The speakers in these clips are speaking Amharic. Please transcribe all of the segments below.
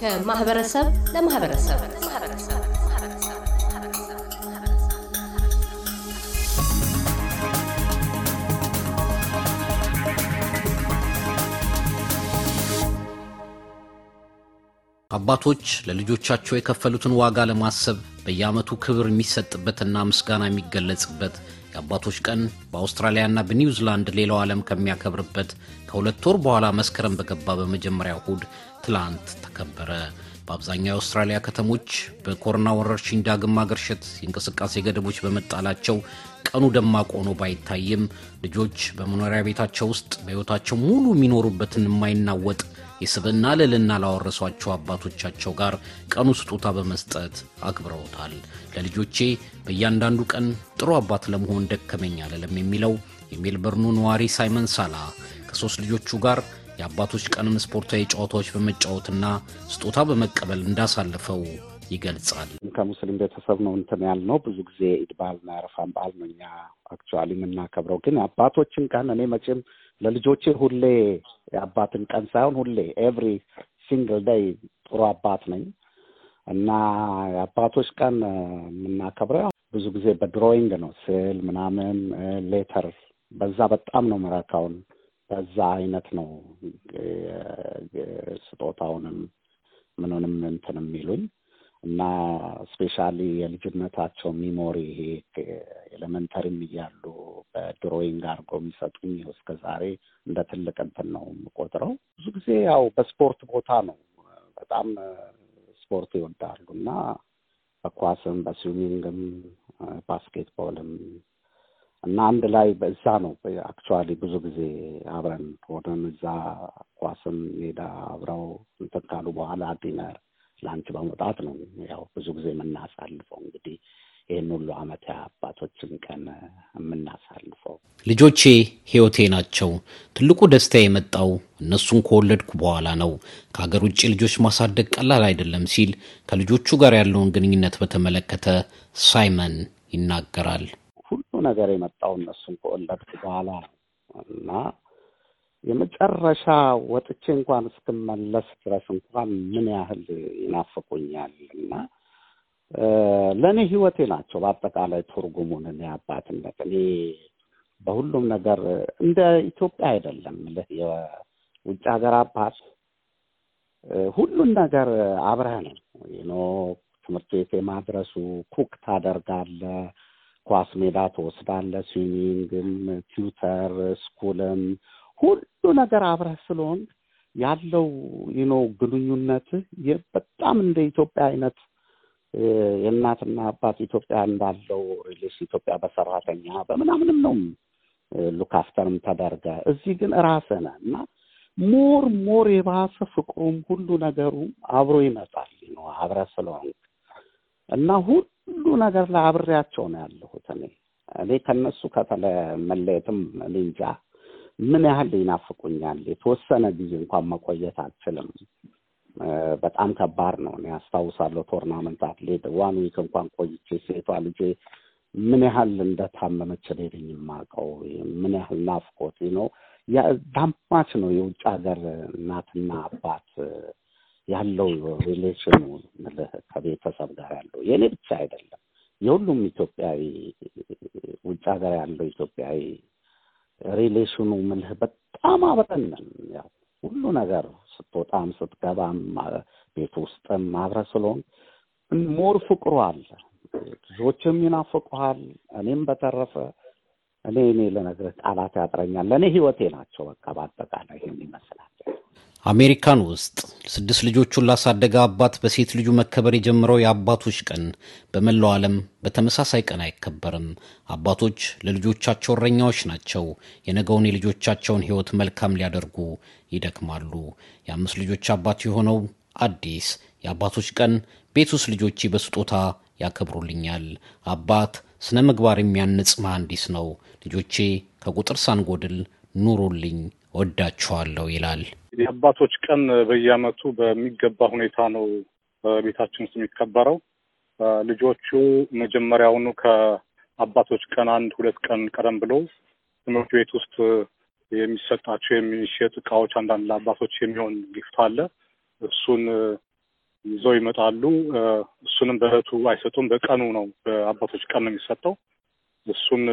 ከማህበረሰብ ለማህበረሰብ አባቶች ለልጆቻቸው የከፈሉትን ዋጋ ለማሰብ በየዓመቱ ክብር የሚሰጥበትና ምስጋና የሚገለጽበት የአባቶች ቀን በአውስትራሊያና በኒውዚላንድ ሌላው ዓለም ከሚያከብርበት ከሁለት ወር በኋላ መስከረም በገባ በመጀመሪያው እሁድ ትላንት ተከበረ። በአብዛኛው የአውስትራሊያ ከተሞች በኮሮና ወረርሽኝ ዳግም ማገርሸት የእንቅስቃሴ ገደቦች በመጣላቸው ቀኑ ደማቅ ሆኖ ባይታይም ልጆች በመኖሪያ ቤታቸው ውስጥ በሕይወታቸው ሙሉ የሚኖሩበትን የማይናወጥ የስብና ልዕልና ላወረሷቸው አባቶቻቸው ጋር ቀኑ ስጦታ በመስጠት አክብረውታል። ለልጆቼ በእያንዳንዱ ቀን ጥሩ አባት ለመሆን ደከመኝ አለለም የሚለው የሜልበርኑ ነዋሪ ሳይመን ሳላ ከሦስት ልጆቹ ጋር የአባቶች ቀንም ስፖርታዊ ጨዋታዎች በመጫወትና ስጦታ በመቀበል እንዳሳለፈው ይገልጻል። ከሙስሊም ቤተሰብ ነው እንትን ያልነው ብዙ ጊዜ ኢድ በዓልና ያረፋን በዓል ነው እኛ አክቹዋሊ የምናከብረው። ግን አባቶችን ቀን እኔ መቼም ለልጆቼ ሁሌ አባትን ቀን ሳይሆን ሁሌ ኤቭሪ ሲንግል ደይ ጥሩ አባት ነኝ እና የአባቶች ቀን የምናከብረው ብዙ ጊዜ በድሮይንግ ነው፣ ስዕል ምናምን ሌተር በዛ በጣም ነው መረካውን በዛ አይነት ነው ስጦታውንም ምንንም እንትን የሚሉኝ እና ስፔሻሊ የልጅነታቸው ሚሞሪ ይሄ ኤሌመንተሪም እያሉ ድሮይንግ አድርገው የሚሰጡኝ እስከ ዛሬ እንደ ትልቅ እንትን ነው የምቆጥረው። ብዙ ጊዜ ያው በስፖርት ቦታ ነው በጣም ስፖርት ይወዳሉ እና በኳስም በስዊሚንግም ባስኬትቦልም እና አንድ ላይ በዛ ነው አክቹዋሊ ብዙ ጊዜ አብረን ሆነን እዛ ኳስም ሜዳ አብረው እንትን ካሉ በኋላ ዲነር ላንች በመውጣት ነው ያው ብዙ ጊዜ የምናሳልፈው እንግዲህ ይህን ሁሉ ዓመት አባቶችን ቀን የምናሳልፈው ልጆቼ ሕይወቴ ናቸው። ትልቁ ደስታ የመጣው እነሱን ከወለድኩ በኋላ ነው። ከሀገር ውጭ ልጆች ማሳደግ ቀላል አይደለም ሲል ከልጆቹ ጋር ያለውን ግንኙነት በተመለከተ ሳይመን ይናገራል። ሁሉ ነገር የመጣው እነሱን ከወለድኩ በኋላ እና የመጨረሻ ወጥቼ እንኳን እስክመለስ ድረስ እንኳን ምን ያህል ይናፍቁኛል እና ለእኔ ህይወቴ ናቸው። በአጠቃላይ ትርጉሙን እኔ አባትነት እኔ በሁሉም ነገር እንደ ኢትዮጵያ አይደለም። የውጭ ሀገር አባት ሁሉን ነገር አብረህ ነው ኖ ትምህርት ቤት የማድረሱ ኩክ ታደርጋለ፣ ኳስ ሜዳ ትወስዳለህ፣ ስዊሚንግም፣ ቲዩተር ስኩልም ሁሉ ነገር አብረህ ስለሆን ያለው ዩኖ ግንኙነት በጣም እንደ ኢትዮጵያ አይነት የእናትና አባት ኢትዮጵያ እንዳለው ሪሊስ ኢትዮጵያ በሰራተኛ በምናምንም ነው ሉካፍተርም ተደርገ እዚህ ግን ራስህ ነህ እና ሞር ሞር የባሰ ፍቅሩም ሁሉ ነገሩም አብሮ ይመጣል ነው አብረ ስለሆንክ እና ሁሉ ነገር ለአብሬያቸው ነው ያለሁት እኔ እኔ ከነሱ ከተለ መለየትም እንጃ ምን ያህል ይናፍቁኛል። የተወሰነ ጊዜ እንኳን መቆየት አልችልም። በጣም ከባድ ነው። እኔ አስታውሳለሁ ቶርናመንት አትሌት ዋን ዊክ እንኳን ቆይቼ ሴቷ ልጄ ምን ያህል እንደታመመች ሌድኝ ነኝ የማውቀው። ምን ያህል ናፍቆት ነው ዳማች ነው። የውጭ ሀገር እናትና አባት ያለው ሪሌሽኑ ከቤተሰብ ጋር ያለው የእኔ ብቻ አይደለም፣ የሁሉም ኢትዮጵያዊ ውጭ ሀገር ያለው ኢትዮጵያዊ ሪሌሽኑ ምልህ በጣም አብረን ነን ያው ሁሉ ነገር ስትወጣም ስትገባም ቤት ውስጥም አብረህ ስለሆን ሞር ፍቅሩ አለ። ልጆችም ይናፍቁሃል። እኔም በተረፈ እኔ እኔ ለነገር ቃላት ያጥረኛል። ለእኔ ህይወቴ ናቸው። በቃ በአጠቃላይ ይህን ይመስላል። አሜሪካን ውስጥ ስድስት ልጆቹን ላሳደገ አባት በሴት ልጁ መከበር የጀመረው የአባቶች ቀን በመላው ዓለም በተመሳሳይ ቀን አይከበርም። አባቶች ለልጆቻቸው እረኛዎች ናቸው። የነገውን የልጆቻቸውን ሕይወት መልካም ሊያደርጉ ይደክማሉ። የአምስት ልጆች አባት የሆነው አዲስ የአባቶች ቀን ቤት ውስጥ ልጆቼ በስጦታ ያከብሩልኛል። አባት ስነ ምግባር የሚያንጽ መሐንዲስ ነው። ልጆቼ ከቁጥር ሳንጎድል ኑሩልኝ ወዳችኋለሁ ይላል። የአባቶች ቀን በየዓመቱ በሚገባ ሁኔታ ነው በቤታችን ውስጥ የሚከበረው። ልጆቹ መጀመሪያውኑ ከአባቶች ቀን አንድ ሁለት ቀን ቀደም ብሎ ትምህርት ቤት ውስጥ የሚሰጣቸው የሚሸጥ እቃዎች፣ አንዳንድ ለአባቶች የሚሆን ጊፍት አለ። እሱን ይዘው ይመጣሉ። እሱንም በእለቱ አይሰጡም፣ በቀኑ ነው። በአባቶች ቀን ነው የሚሰጠው። እሱን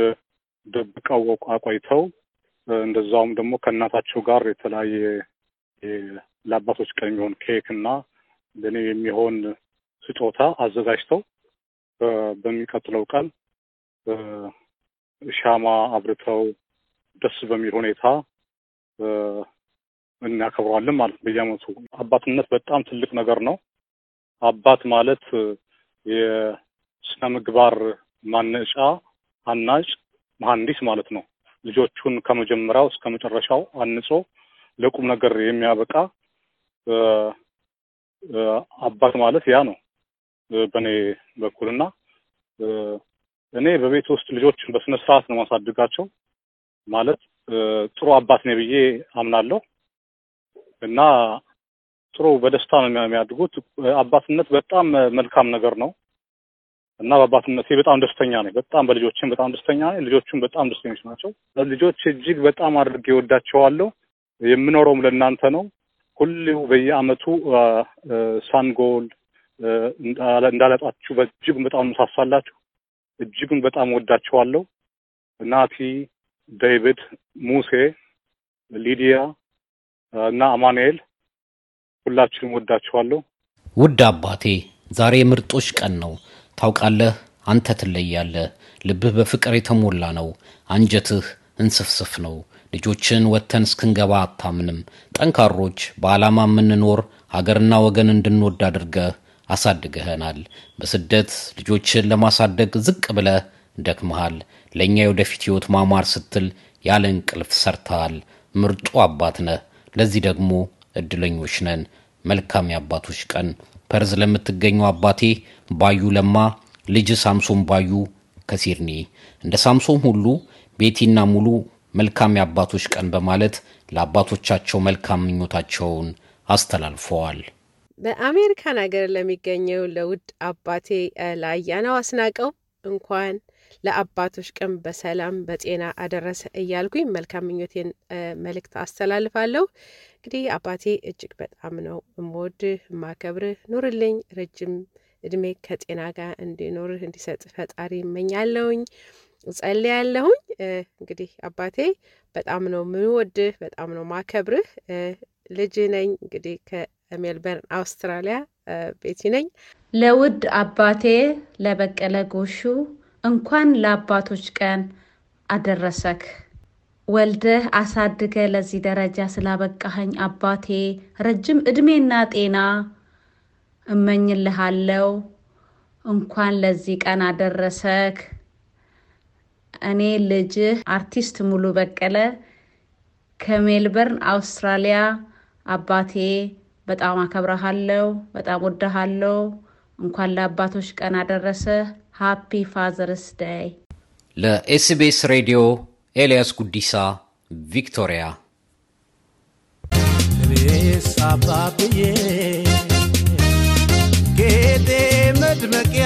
ደብቀው አቆይተው እንደዛውም ደግሞ ከእናታቸው ጋር የተለያየ ለአባቶች ቀን የሚሆን ኬክ እና ለእኔ የሚሆን ስጦታ አዘጋጅተው በሚቀጥለው ቀን ሻማ አብርተው ደስ በሚል ሁኔታ እናከብረዋለን ማለት ነው። በየአመቱ አባትነት በጣም ትልቅ ነገር ነው። አባት ማለት የስነ ምግባር ማነጫ አናጭ መሀንዲስ ማለት ነው። ልጆቹን ከመጀመሪያው እስከ መጨረሻው አንጾ ለቁም ነገር የሚያበቃ አባት ማለት ያ ነው በእኔ በኩልና እኔ በቤት ውስጥ ልጆችን በስነ ስርዓት ነው ማሳድጋቸው። ማለት ጥሩ አባት ነኝ ብዬ አምናለሁ እና ጥሩ በደስታ ነው የሚያድጉት። አባትነት በጣም መልካም ነገር ነው። እና በአባትነቴ በጣም ደስተኛ ነኝ። በጣም በልጆችም በጣም ደስተኛ ነኝ። ልጆቹም በጣም ደስተኞች ናቸው። ልጆች እጅግ በጣም አድርጌ ወዳቸዋለሁ። የምኖረውም ለእናንተ ነው። ሁሉ በየአመቱ ሳንጎል እንዳለጣችሁ በእጅጉም በጣም እንሳሳላችሁ። እጅጉን በጣም ወዳቸዋለሁ። ናቲ፣ ዴቪድ፣ ሙሴ፣ ሊዲያ እና አማንኤል ሁላችሁም ወዳቸዋለሁ። ውድ አባቴ ዛሬ ምርጦች ቀን ነው። ታውቃለህ፣ አንተ ትለያለህ። ልብህ በፍቅር የተሞላ ነው፣ አንጀትህ እንስፍስፍ ነው። ልጆችን ወጥተን እስክንገባ አታምንም። ጠንካሮች፣ በዓላማ የምንኖር ሀገርና ወገን እንድንወድ አድርገህ አሳድገህናል በስደት ልጆችን ለማሳደግ ዝቅ ብለህ ደክመሃል። ለእኛ የወደፊት ሕይወት ማማር ስትል ያለ እንቅልፍ ሰርተሃል። ምርጡ አባት ነህ። ለዚህ ደግሞ እድለኞች ነን። መልካም የአባቶች ቀን። ፐርዝ ለምትገኙ አባቴ ባዩ ለማ ልጅ ሳምሶን ባዩ ከሲድኒ እንደ ሳምሶን ሁሉ ቤቲና ሙሉ መልካም የአባቶች ቀን በማለት ለአባቶቻቸው መልካም ምኞታቸውን አስተላልፈዋል። በአሜሪካን ሀገር ለሚገኘው ለውድ አባቴ ላያነው አስናቀው እንኳን ለአባቶች ቀን በሰላም በጤና አደረሰ እያልኩኝ መልካም ምኞቴን መልእክት አስተላልፋለሁ። እንግዲህ አባቴ እጅግ በጣም ነው እምወድህ እማከብርህ። ኑርልኝ ረጅም እድሜ ከጤና ጋር እንዲኖርህ እንዲሰጥ ፈጣሪ እመኛለሁኝ ጸልያለሁኝ። እንግዲህ አባቴ በጣም ነው ምወድህ፣ በጣም ነው ማከብርህ። ልጅ ነኝ እንግዲህ ከሜልበርን አውስትራሊያ ቤቲ ነኝ። ለውድ አባቴ ለበቀለ ጎሹ እንኳን ለአባቶች ቀን አደረሰክ። ወልደህ አሳድገ ለዚህ ደረጃ ስላበቃኸኝ አባቴ ረጅም ዕድሜና ጤና እመኝልሃለው። እንኳን ለዚህ ቀን አደረሰክ። እኔ ልጅህ አርቲስት ሙሉ በቀለ ከሜልበርን አውስትራሊያ። አባቴ በጣም አከብረሃለው፣ በጣም ወደሃለው። እንኳን ለአባቶች ቀን አደረሰህ። ሃፒ ፋዘርስ ደይ። ለኤስቢኤስ ሬዲዮ ኤልያስ ጉዲሳ ቪክቶሪያ። ቤስ ጌጤ መድመቅያ